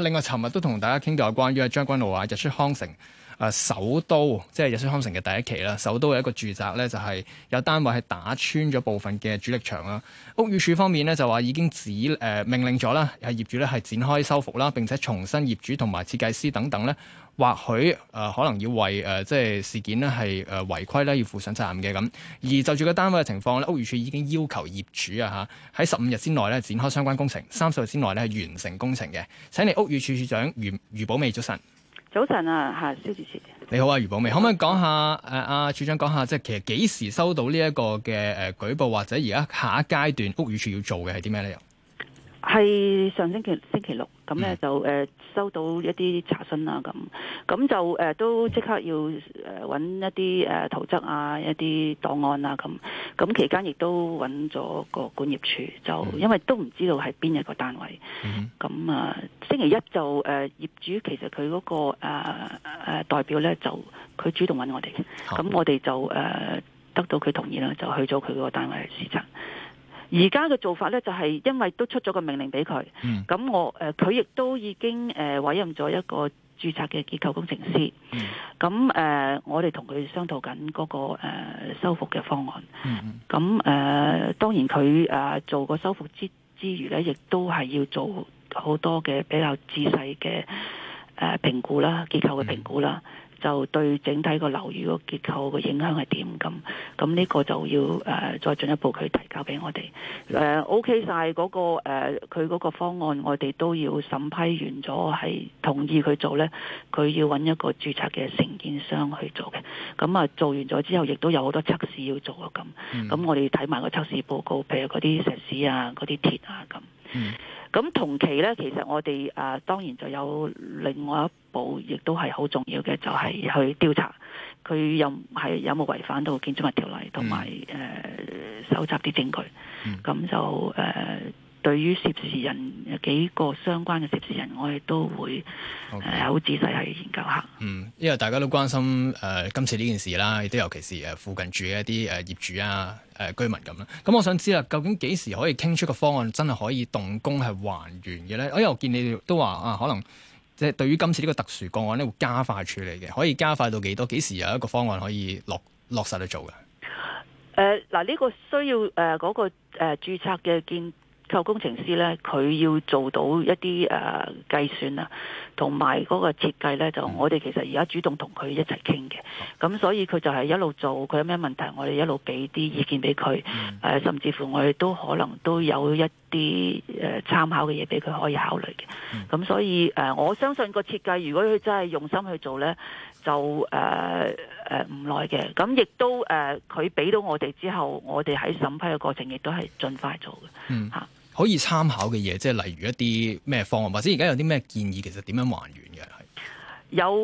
另外，尋日都同大家傾到係關於啊將軍澳啊日出康城啊、呃、首都，即係日出康城嘅第一期啦。首都有一個住宅咧，就係有單位係打穿咗部分嘅主力牆啦。屋宇署方面咧就話已經指誒、呃、命令咗啦，係業主咧係展開修復啦，並且重新業主同埋設計師等等咧。或許誒、呃、可能要為誒即係事件咧係誒違規咧要負上責任嘅咁，而就住個單位嘅情況咧，屋宇署已經要求業主啊嚇喺十五日之內咧展開相關工程，三十日之內咧完成工程嘅。請你屋宇署署長余余寶美早晨，早晨啊嚇，肖主持。你好啊，余寶美，可唔可以講下誒阿署長講下即係其實幾時收到呢一個嘅誒舉報，或者而家下一階段屋宇署要做嘅係啲咩咧？係上星期星期六，咁咧就誒、呃、收到一啲查詢啦，咁咁就誒、呃、都即刻要誒揾、呃、一啲誒、呃、圖則啊，一啲檔案啊。咁咁期間亦都揾咗個管業處，就因為都唔知道係邊一個單位，咁啊、嗯呃、星期一就誒、呃、業主其實佢嗰、那個誒、呃呃、代表咧就佢主動揾我哋，咁好我哋就誒、呃、得到佢同意啦，就去咗佢嗰個單位視察。而家嘅做法咧，就係因為都出咗個命令俾佢，咁、嗯、我誒佢亦都已經誒、呃、委任咗一個註冊嘅結構工程師，咁誒、嗯呃、我哋同佢商討緊嗰、那個修、呃、復嘅方案。咁誒、嗯嗯呃、當然佢誒、呃、做個修復之之餘咧，亦都係要做好多嘅比較仔細嘅誒、呃、評估啦，結構嘅評估啦。嗯就對整體個樓宇個結構個影響係點咁？咁呢個就要誒、呃、再進一步佢提交俾我哋。誒 O K 晒嗰個佢嗰、呃、個方案，我哋都要審批完咗係同意佢做呢，佢要揾一個註冊嘅承建商去做嘅。咁啊、呃、做完咗之後，亦都有好多測試要做啊咁。咁、嗯、我哋睇埋個測試報告，譬如嗰啲石屎啊、嗰啲鐵啊咁。咁同期咧，其實我哋啊、呃、當然就有另外一步，亦都係好重要嘅，就係、是、去調查佢有係有冇違反到建築物條例，同埋誒搜集啲證據。咁、嗯、就誒。呃對於涉事人幾個相關嘅涉事人，我哋都會誒好 Okay.、呃、仔細去研究下。嗯，因為大家都關心誒今、呃、次呢件事啦，亦都尤其是誒附近住嘅一啲誒、呃、業主啊誒、呃、居民咁啦。咁、嗯、我想知啦，究竟幾時可以傾出個方案，真係可以動工係還原嘅咧？我因為我見你哋都話啊，可能即係對於今次呢個特殊個案咧，會加快處理嘅，可以加快到幾多？幾時有一個方案可以落落實去做嘅？誒、呃，嗱，呢個需要誒嗰個誒註冊嘅建。呃呃呃呃呃呃呃呃構工程師咧，佢要做到一啲誒、呃、計算啦，同埋嗰個設計咧，就我哋其實而家主動同佢一齊傾嘅，咁所以佢就係一路做，佢有咩問題，我哋一路俾啲意見俾佢，誒、呃、甚至乎我哋都可能都有一啲誒、呃、參考嘅嘢俾佢可以考慮嘅，咁所以誒、呃、我相信個設計如果佢真係用心去做咧，就誒誒唔耐嘅，咁亦都誒佢俾到我哋之後，我哋喺審批嘅過程亦都係盡快做嘅，嚇、嗯。可以參考嘅嘢，即係例如一啲咩方案，或者而家有啲咩建議，其實點樣還原嘅係有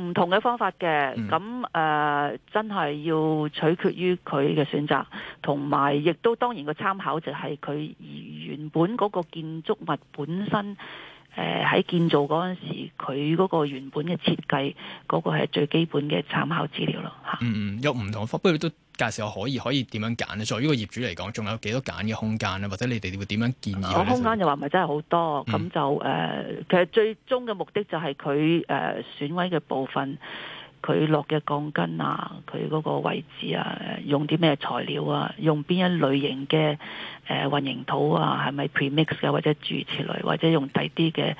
唔同嘅方法嘅，咁誒、嗯呃、真係要取決於佢嘅選擇，同埋亦都當然個參考就係佢原本嗰個建築物本身。誒喺建造嗰陣時，佢嗰個原本嘅設計嗰、嗰個係最基本嘅參考資料咯嚇。嗯嗯，有唔同方，不過都介紹我可以可以點樣揀咧。作為呢個業主嚟講，仲有幾多揀嘅空間咧？或者你哋會點樣建議咧？空間就話唔係真係好多，咁、嗯、就誒、呃，其實最終嘅目的就係佢誒損毀嘅部分。.佢落嘅鋼筋啊，佢嗰個位置啊，用啲咩材料啊，用邊一類型嘅誒混凝土啊，係咪 premix 啊，或者注設類，或者用第啲嘅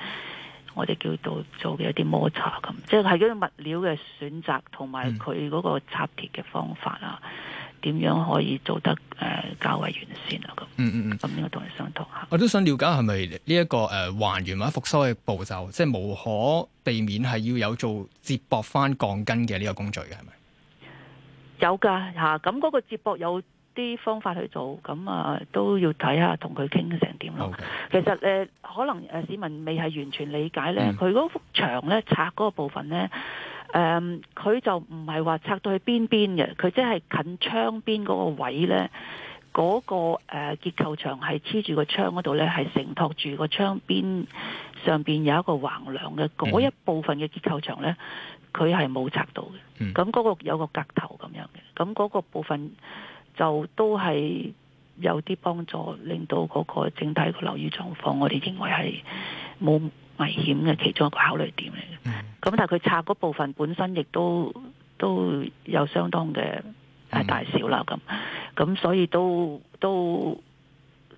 我哋叫做做嘅一啲磨擦咁，即係係嗰啲物料嘅選擇同埋佢嗰個插鐵嘅方法啊。嗯點樣可以做得誒、呃、較為完善啊？咁嗯嗯咁、嗯、應該同你商討嚇。我都想了解係咪呢一個誒還原或者復修嘅步驟，即係無可避免係要有做接駁翻鋼筋嘅呢個工序嘅係咪？有噶嚇，咁、啊、嗰、嗰個接駁有啲方法去做，咁啊都要睇下同佢傾成點咯。Okay. 其實誒、呃、可能誒市民未係完全理解咧，佢嗰、嗯、幅牆咧拆嗰個部分咧。誒，佢、um, 就唔係話拆到去邊邊嘅，佢即係近窗邊嗰個位呢，嗰、那個誒、呃、結構牆係黐住個窗嗰度呢，係承托住個窗邊上邊有一個橫梁嘅嗰一部分嘅結構牆呢，佢係冇拆到嘅。咁嗰個有個隔頭咁樣嘅，咁嗰個部分就都係有啲幫助，令到嗰個整體個樓宇狀況，我哋認為係冇危險嘅其中一個考慮點嚟嘅。咁、嗯、但係佢拆嗰部分本身亦都都有相當嘅大、大小啦，咁咁、嗯、所以都都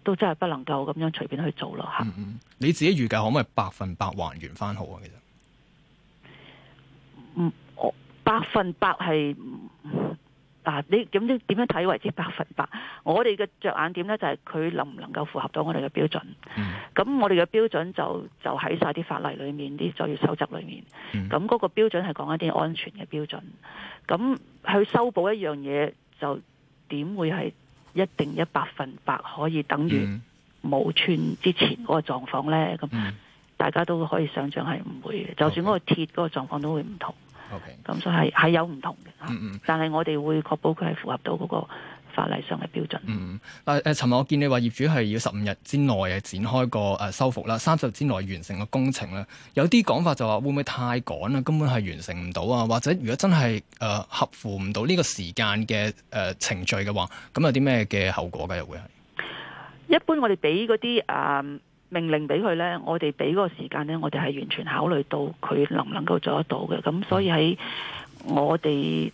都真係不能夠咁樣隨便去做咯，吓、嗯嗯。你自己預計可唔可以百分百還原翻好啊？其實、嗯，我百分百係。啊！你咁點點樣睇為之百分百？我哋嘅着眼點咧就係、是、佢能唔能夠符合到我哋嘅標準。咁、嗯、我哋嘅標準就就喺晒啲法例裏面、啲作業守則裏面。咁嗰、嗯、個標準係講一啲安全嘅標準。咁去修補一樣嘢，就點會係一定一百分百可以等於冇穿之前嗰個狀況咧？咁、嗯、大家都可以想象係唔會嘅。嗯、就算嗰個鐵嗰個狀況都會唔同。咁 Okay. 所以係係有唔同嘅，嗯嗯但係我哋會確保佢係符合到嗰個法例上嘅標準。嗯嗯，誒、呃，尋日，我見你話業主係要十五日之內啊展開個誒修復啦，三、呃、十日之內完成個工程啦。有啲講法就話會唔會太趕啦，根本係完成唔到啊？或者如果真係誒、呃、合乎唔到呢個時間嘅誒程序嘅話，咁有啲咩嘅後果嘅又會係？呃、一般我哋俾嗰啲誒。呃命令俾佢呢，我哋俾嗰個時間呢，我哋係完全考慮到佢能唔能夠做得到嘅。咁所以喺我哋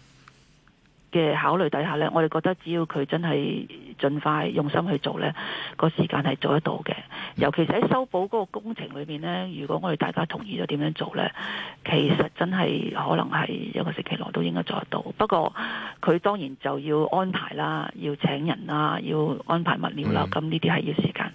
嘅考慮底下呢，我哋覺得只要佢真係盡快用心去做呢，個時間係做得到嘅。尤其是喺修補嗰個工程裏面呢，如果我哋大家同意咗點樣做呢，其實真係可能係一個星期內都應該做得到。不過佢當然就要安排啦，要請人啦，要安排物料啦，咁呢啲係要時間。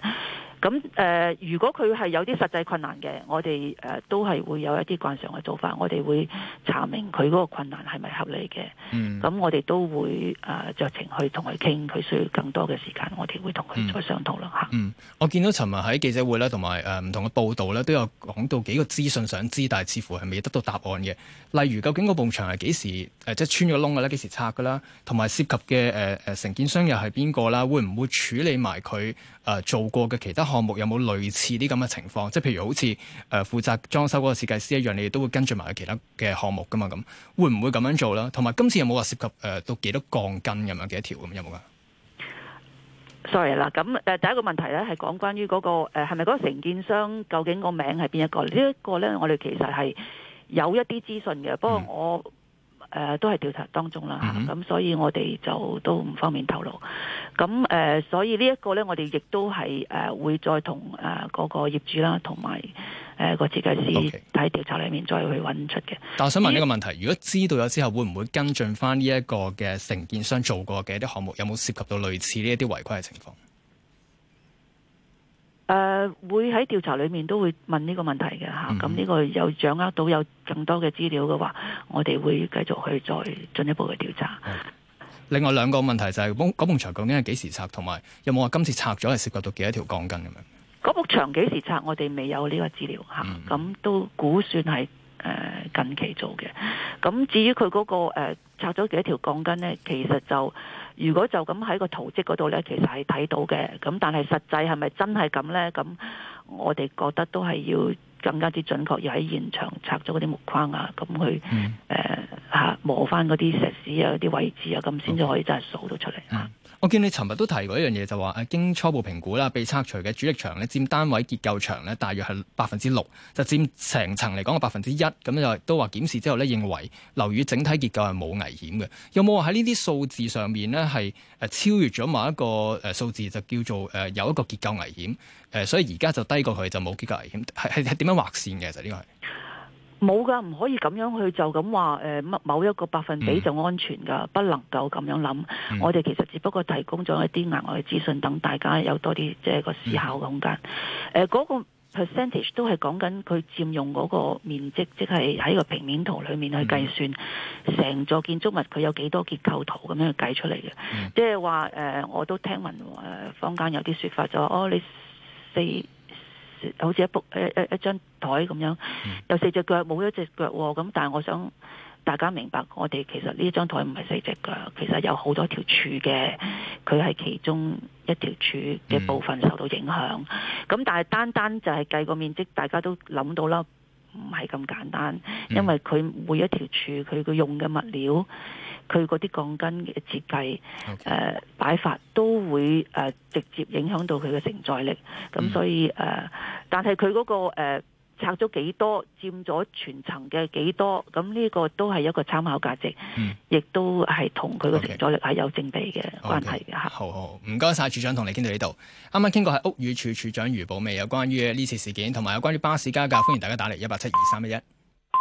咁誒，如果佢係有啲實際困難嘅，我哋誒都係會有一啲慣常嘅做法，我哋會查明佢嗰個困難係咪合理嘅。嗯。咁我哋都會誒酌情去同佢傾，佢需要更多嘅時間，我哋會同佢再商討論吓。我見到尋日喺記者會咧，同埋誒唔同嘅報道咧，都有講到幾個資訊想知，但係似乎係未得到答案嘅。例如究竟嗰埲牆係幾時誒即係穿咗窿嘅咧，幾時拆嘅啦？同埋涉及嘅誒誒承建商又係邊個啦？會唔會處理埋佢誒做過嘅其他？項目有冇類似啲咁嘅情況？即係譬如好似誒負責裝修嗰個設計師一樣，你哋都會跟住埋其他嘅項目噶嘛？咁會唔會咁樣做啦？同埋今次有冇話涉及誒、呃、到幾多鋼筋咁樣，幾多條咁有冇啊？Sorry 啦，咁誒第一個問題咧係講關於嗰、那個誒係咪嗰個承建商？究竟個名係邊一個？這個、呢一個咧我哋其實係有一啲資訊嘅，不過我。嗯誒都係調查當中啦，咁、嗯、哼所以我哋就都唔方便透露。咁誒、呃，所以呢一個咧，我哋亦都係誒、呃、會再同誒嗰、呃、個業主啦，同埋誒個設計師喺調查裡面再去揾出嘅。但我想問呢個問題，如果知道咗之後，會唔會跟進返呢一個嘅承建商做過嘅一啲項目，有冇涉及到類似呢一啲違規嘅情況？誒、呃，會喺調查裏面都會問呢個問題嘅吓，咁呢、嗯、哼個有掌握到有更多嘅資料嘅話，我哋會繼續去再進一步嘅調查，嗯。另外兩個問題就係、是，嗰嗰埲牆究竟係幾時拆，同埋有冇話今次拆咗係涉及到幾多條鋼筋咁樣？嗰埲牆幾時拆？我哋未有呢個資料吓，咁、嗯嗯、哼都估算係誒近期做嘅。咁至於佢嗰、那個誒、呃、拆咗幾多條鋼筋呢？其實就。如果就咁喺個圖則嗰度呢，其實係睇到嘅。咁但係實際係咪真係咁呢？咁我哋覺得都係要更加之準確，要喺現場拆咗嗰啲木框啊，咁去誒、嗯呃、磨翻嗰啲石屎啊，啲位置啊，咁先至可以真係掃到出嚟。我見你尋日都提過一樣嘢，就話、是、誒經初步評估啦，被拆除嘅主力牆咧，佔單位結構牆咧大約係百分之六，就佔成層嚟講嘅百分之一，咁就都話檢視之後咧，認為樓宇整體結構係冇危險嘅。有冇話喺呢啲數字上面咧係誒超越咗某一個誒數字，就叫做誒有一個結構危險？誒所以而家就低過佢就冇結構危險，係係點樣劃線嘅？其實呢個係。冇噶，唔可以咁樣去就咁話誒，某一個百分比就安全噶，嗯、不能夠咁樣諗。嗯、我哋其實只不過提供咗一啲額外資訊，等大家有多啲即係個思考空間。誒、嗯，嗰、呃那個 percentage 都係講緊佢佔用嗰個面積，即係喺個平面圖裡面去計算成、嗯、座建築物佢有幾多結構圖咁樣去計出嚟嘅。嗯、即係話誒，我都聽聞誒坊間有啲説法就話哦，你四。好似一幅誒誒一張枱咁樣，有四隻腳，冇一隻腳喎。咁但係我想大家明白，我哋其實呢一張枱唔係四隻腳，其實有好多條柱嘅，佢係其中一條柱嘅部分受到影響。咁、嗯、但係單單就係計個面積，大家都諗到啦，唔係咁簡單，因為佢每一條柱佢嘅用嘅物料，佢嗰啲鋼筋嘅設計，誒、嗯呃、擺法都會誒、呃、直接影響到佢嘅承載力。咁、呃嗯、所以誒。呃但係佢嗰個、呃、拆咗幾多，佔咗全層嘅幾多，咁呢個都係一個參考價值，亦、嗯、都係同佢個承載力係有正比嘅關係嘅嚇。Okay. Okay. 好好，唔該晒，處長同你傾到呢度。啱啱傾過係屋宇署署長余寶美有關於呢次事件，同埋有關於巴士加價，歡迎大家打嚟一八七二三一一。